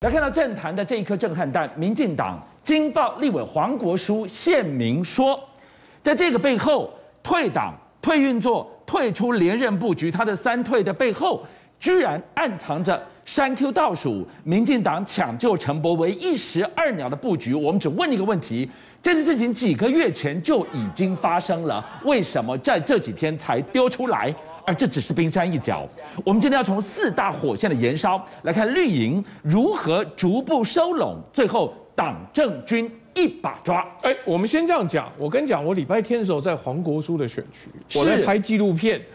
來看到政壇的這一顆震撼彈，民進黨驚爆立委黃國書現明說，在這個背後退黨、退運作、退出連任布局，他的三退的背後，居然暗藏着刪 Q 倒數，民進黨搶救陳柏惟一石二鳥的布局。我們只問一個問題：這件事情幾個月前就已經發生了，為什麼在這幾天才丟出來？而這只是冰山一角。我們今天要從四大火線的延燒來看綠營如何逐步收攏，最後黨政軍一把抓。哎、欸，我們先這樣講。我跟你講，我禮拜天的時候在黃國書的選區，我在拍紀錄片，是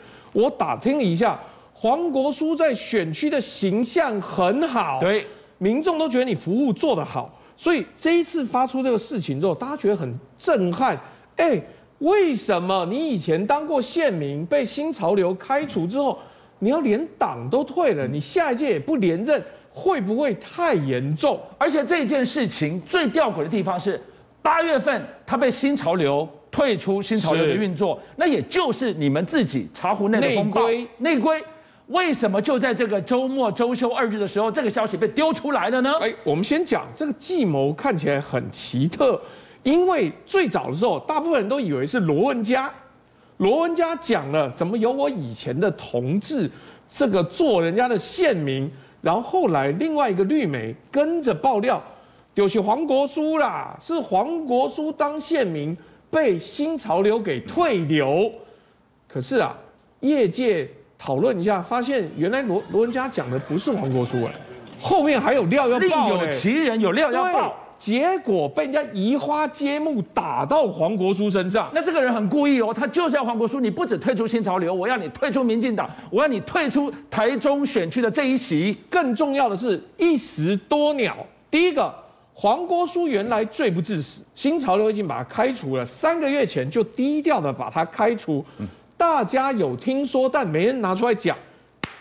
我打聽了一下，黃國書在選區的形象很好，對，民眾都覺得你服務做得好。所以這一次發出這個事情之後，大家覺得很震撼。哎、欸。為什麼你以前當過線民，被新潮流開除之後，你要連黨都退了，你下一屆也不連任，會不會太嚴重？而且這件事情最吊詭的地方是，八月份他被新潮流退出新潮流的運作，是那也就是你們自己茶壺內的風暴內規，內規為什麼就在這個周末周休二日的時候，這個消息被丟出來了呢？哎，我們先講這個計謀看起來很奇特。因為最早的時候，大部分人都以為是羅文嘉，羅文嘉講了怎麼有我以前的同志這個做人家的線民，然後後來另外一個綠媒跟着爆料，就是黃國書啦，是黃國書當線民，被新潮流給退流。可是啊，業界討論一下，發現原來羅羅文嘉講的不是黃國書哎，後面還有料要爆哎，有其人有料要爆。結果被人家移花接木打到黃國書身上，那這個人很故意哦，他就是要黃國書，你不止退出新潮流，我要你退出民進黨，我要你退出台中選區的這一席。更重要的是一石多鳥，第一個黃國書原來罪不至死，新潮流，已經把他開除了，三個月前就低調的把他開除，大家有聽說，但沒人拿出來講，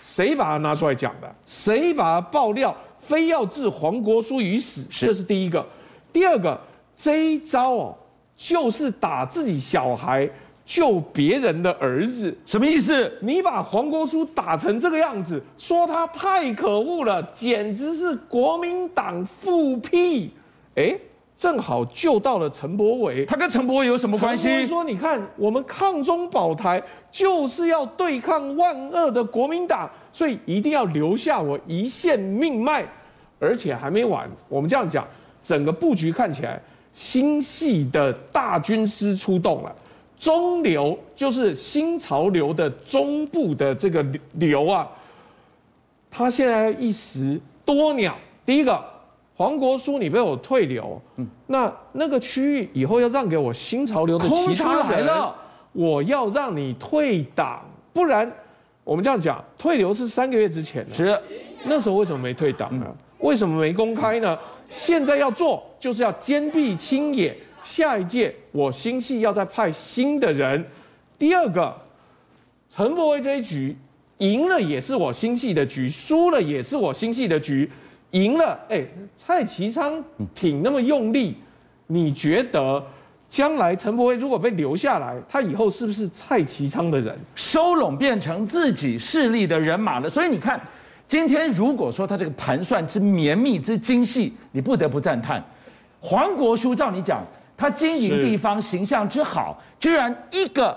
誰把他拿出來講的？誰把他爆料？非要置黃國書於死，這是第一個；是第二個，這一招哦，就是打自己小孩救別人的兒子，什麼意思？你把黃國書打成這個樣子，說他太可惡了，簡直是國民黨復辟，誒、欸。正好救到了陳柏惟，他跟陳柏惟有什麼關係？所以說：“你看，我們抗中保台，就是要對抗萬惡的國民黨，所以一定要留下我一線命脈。”而且還沒完，我們這樣講，整個布局看起來，新系的大軍師出動了，中流就是新潮流的中部的這個流啊，他現在一石多鳥，第一個。黃國書，你被我退流，那那個區域以後要讓給我新潮流的。其他人，我要讓你退黨，不然我們這樣講，退流是三個月之前的，是那時候為什麼沒退黨呢？為什麼沒公開呢？現在要做，就是要堅壁清野，下一屆我新系要再派新的人。第二個，陳柏惟這一局贏了也是我新系的局，輸了也是我新系的局。贏了，哎、欸，蔡其昌挺那麼用力，你覺得將來陳柏惟如果被留下來，他以後是不是蔡其昌的人，收攏變成自己勢力的人馬了？所以你看，今天如果說他這個盤算之綿密之精細，你不得不讚嘆。黃國書照你講，他經營地方形象之好，是居然，一個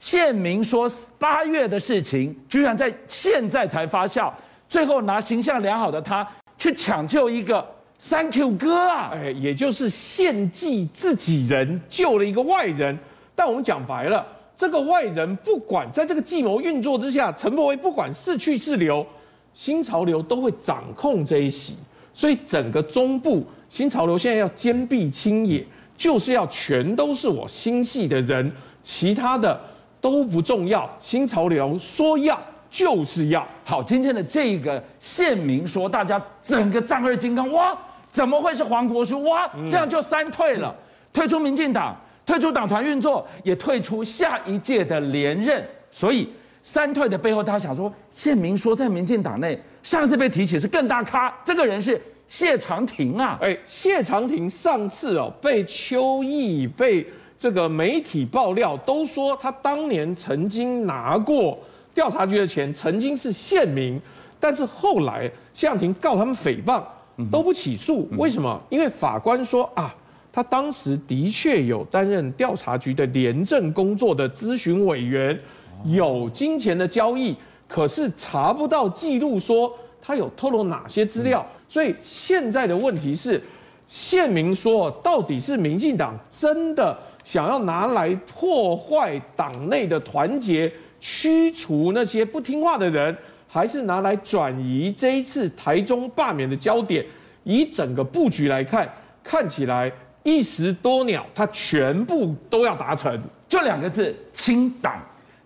線民說八月的事情，居然在現在才發酵，最後拿形象良好的他，去搶救一個三 Q 哥啊！哎、欸，也就是獻祭自己人，救了一個外人。但我們講白了，這個外人不管在這個計謀運作之下，陳柏威不管是去是留，新潮流都會掌控這一席。所以整個中部新潮流現在要堅壁清野，就是要全都是我心係的人，其他的都不重要。新潮流說要。就是要好，今天的這個線民說，大家整個丈二金剛哇，怎麼會是黃國書哇？這樣就三退了，退、嗯、出民進黨，退出黨團運作，也退出下一屆的連任。所以三退的背後，他想說，線民說在民進黨內上次被提起是更大咖，這個人是謝長廷啊。哎、欸，謝長廷上次哦被邱毅被這個媒體爆料，都說他當年曾經拿過。調查局的錢曾經是線民，但是後來謝長廷告他們誹謗都不起訴，為什麼？因為法官說啊，他當時的確有擔任調查局的廉政工作的諮詢委員，有金錢的交易，可是查不到記錄說他有透露哪些資料。所以現在的問題是，線民說到底是民進黨真的想要拿來破壞黨內的團結？驅除那些不聽話的人，還是拿來轉移這一次台中罷免的焦點？以整個布局來看，看起來一石多鳥，它全部都要達成。就兩個字：清黨。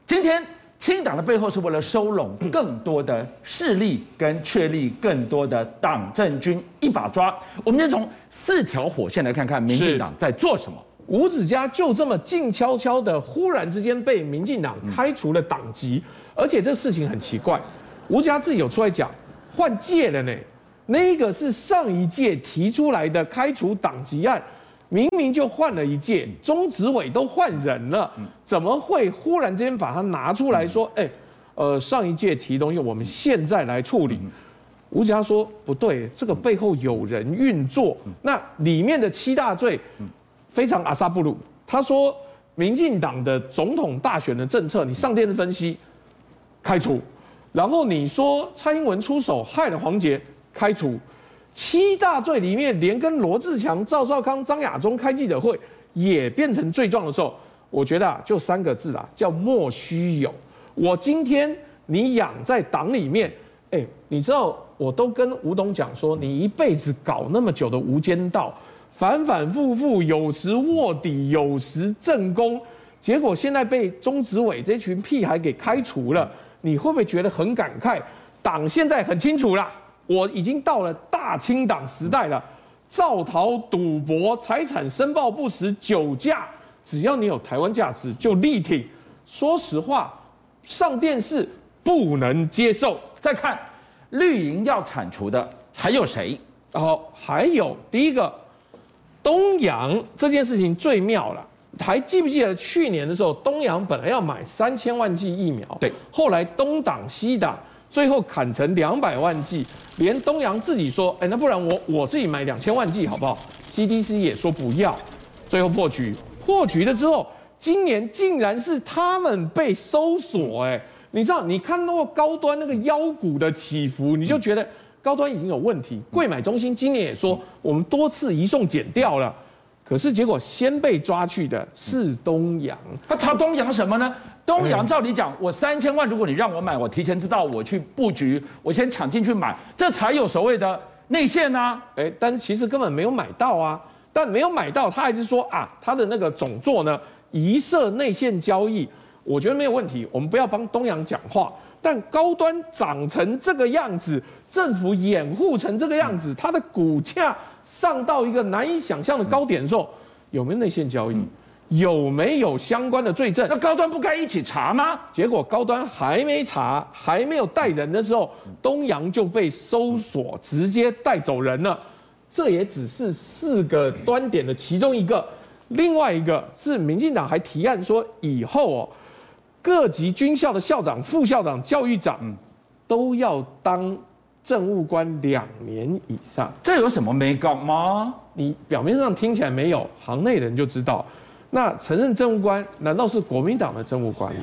今天清黨的背後是為了收攏更多的勢力，跟確立更多的黨政軍一把抓。我們就從四條火線來看看民進黨在做什麼。吳子嘉就這麼靜悄悄的，忽然之間被民進黨開除了黨籍，而且這事情很奇怪，吳家自己有出來講換屆了呢，那個是上一屆提出來的開除黨籍案，明明就換了一屆，中執委都換人了，怎麼會忽然之間把它拿出來說？哎，呃，上一屆提東西，我們現在來處理。吳家說不對，這個背後有人運作，那裡面的七大罪。非常阿薩布魯，他說民進黨的總統大選的政策，你上電視分析開除，然後你說蔡英文出手害了黃杰開除，七大罪裡面連跟羅智強、趙少康、張亞中開記者會也變成罪狀的時候，我覺得啊，就三個字啊，叫莫須有。我今天你養在黨裡面誒，你知道我都跟吳董講說，你一輩子搞那麼久的無間道。反反复复，有時臥底，有時正宮，結果現在被中執委這群屁孩給開除了，你會不會覺得很感慨？黨現在很清楚啦，我已經到了大清黨時代了，造逃賭博、財產申報不實、酒駕，只要你有台灣價值就力挺。說實話，上電視不能接受。再看綠營要鏟除的還有誰？哦，還有第一個。東洋這件事情最妙了，還記不記得去年的時候，東洋本來要買三千萬劑疫苗，對，後來東擋西擋，最後砍成兩百萬劑，連東洋自己說，哎、欸，那不然我我自己買兩千萬劑好不好？CDC 也說不要，最後破局，破局了之後，今年竟然是他們被搜索、欸，哎，你知道，你看那個高端那個妖股的起伏，你就覺得。高端已經有問題，貴買中心今年也說我們多次移送減掉了，可是結果先被抓去的是東洋，他查東洋什麼呢？東洋照理講，我三千萬，如果你讓我買，我提前知道，我去布局，我先搶進去買，這才有所謂的內線啊。誒，但是其實根本沒有買到啊，但沒有買到，他還是說啊，他的那個總座呢，疑涉內線交易，我覺得沒有問題，我們不要幫東洋講話。但高端長成這個樣子，政府掩護成這個樣子，它的股價上到一個難以想象的高點的時候，有沒有內線交易？有沒有相關的罪證？那高端不該一起查嗎？結果高端還沒查，還沒有帶人的時候，東洋就被搜索，直接帶走人了。這也只是四個端點的其中一個，另外一個是民進黨還提案說以後哦。各級軍校的校長、副校長、教育長，都要當政務官兩年以上。這有什麼沒搞嗎？你表面上聽起來沒有，行內人就知道。那承認政務官，難道是國民黨的政務官嗎？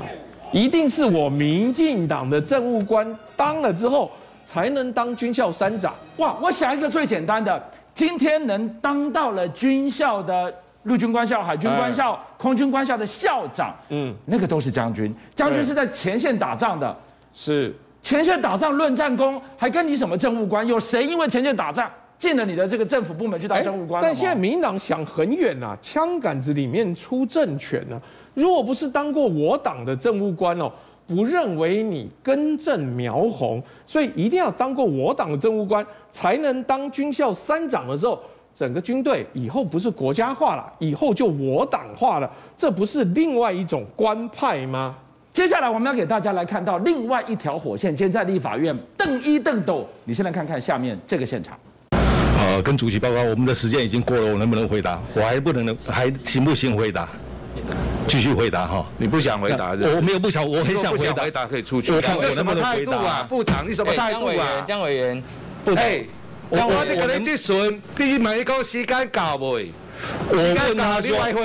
一定是我民進黨的政務官當了之後，才能當軍校三長。哇，我想一個最簡單的，今天能當到了軍校的。陸軍官校、海軍官校、欸、空軍官校的校長，嗯，那個都是將軍。將軍是在前線打仗的，是對前線打仗論戰功，還跟你什麼政務官？有誰因為前線打仗進了你的這個政府部門去當政務官、欸？但現在民黨想很遠吶、啊，槍桿子裡面出政權呢、啊。如果不是當過我黨的政務官哦、喔，不認為你根正苗紅，所以一定要當過我黨的政務官，才能當軍校三長的時候。整個軍隊以後不是國家化了，以後就我黨化了，這不是另外一種官派嗎？接下來我們要給大家來看到另外一條火線，今天在立法院鄧一鄧鬥。你先來看看下面這個現場。呃，跟主席報告，我們的時間已經過了，我能不能回答？我還不能，還行不行回答？繼續回答哈，你不想回答是不是？我沒有不想，我很想回答。可以出去。我看這什麼態度啊？部長，你什麼態度啊？姜委員，姜委員，部長、哎講話你可能只準，你沒講時間夠不？我問的時候，我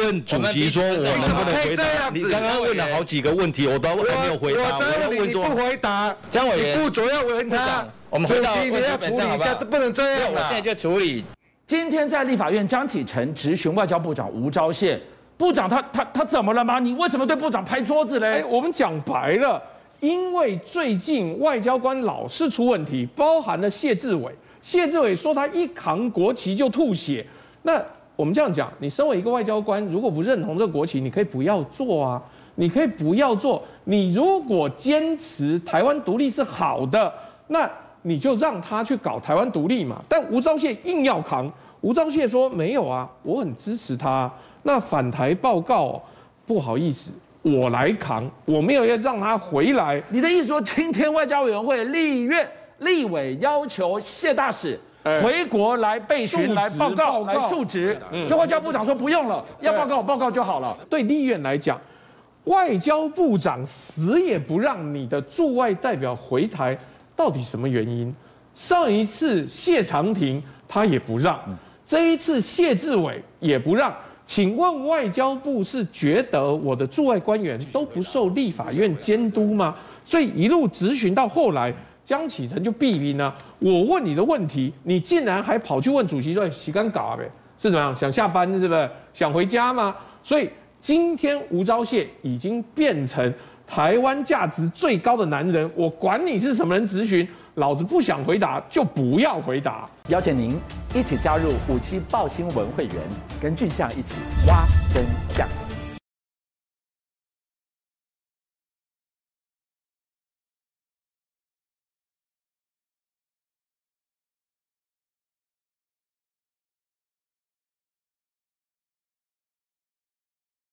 問主席說，我能不能回答。你剛剛問了好幾個問題，我都還沒有回答。我問你不回答，你不主要問他。主席，你要處理一下，不能這樣。我現在就處理。今天在立法院，江啟臣質詢外交部長吳釗燮，部長他他他怎麼了嗎？你為什麼對部長拍桌子嘞？哎，我們講白了。因為最近外交官老是出問題，包含了謝志偉。謝志偉說他一扛國旗就吐血。那我們這樣講，你身為一個外交官，如果不認同這個國旗，你可以不要做啊，你可以不要做。你如果堅持台灣獨立是好的，那你就讓他去搞台灣獨立嘛。但吳釗燮硬要扛，吳釗燮說沒有啊，我很支持他啊。那返台報告，不好意思。我來扛，我沒有要讓他回來。你的意思說，今天外交委員會立院、立委要求謝大使回國來備詢、欸、數值來報告、報告來述職，就、嗯、外交部長說不用了，對要報告我報告就好了。對立院來講，外交部長死也不讓你的駐外代表回台，到底什麼原因？上一次謝長廷他也不讓，嗯、這一次謝志偉也不讓。請問外交部是覺得我的駐外官員都不受立法院監督嗎？所以一路質詢到後來，江啟臣就避名呢。我問你的問題，你竟然還跑去問主席說：“洗干搞唄，是怎麼樣想下班是不是？想回家嗎？”所以今天吳釗燮已經變成台灣價值最高的男人，我管你是什麼人質詢，老子不想回答，就不要回答。邀請您一起加入五七爆新聞會員，跟俊相一起挖真相。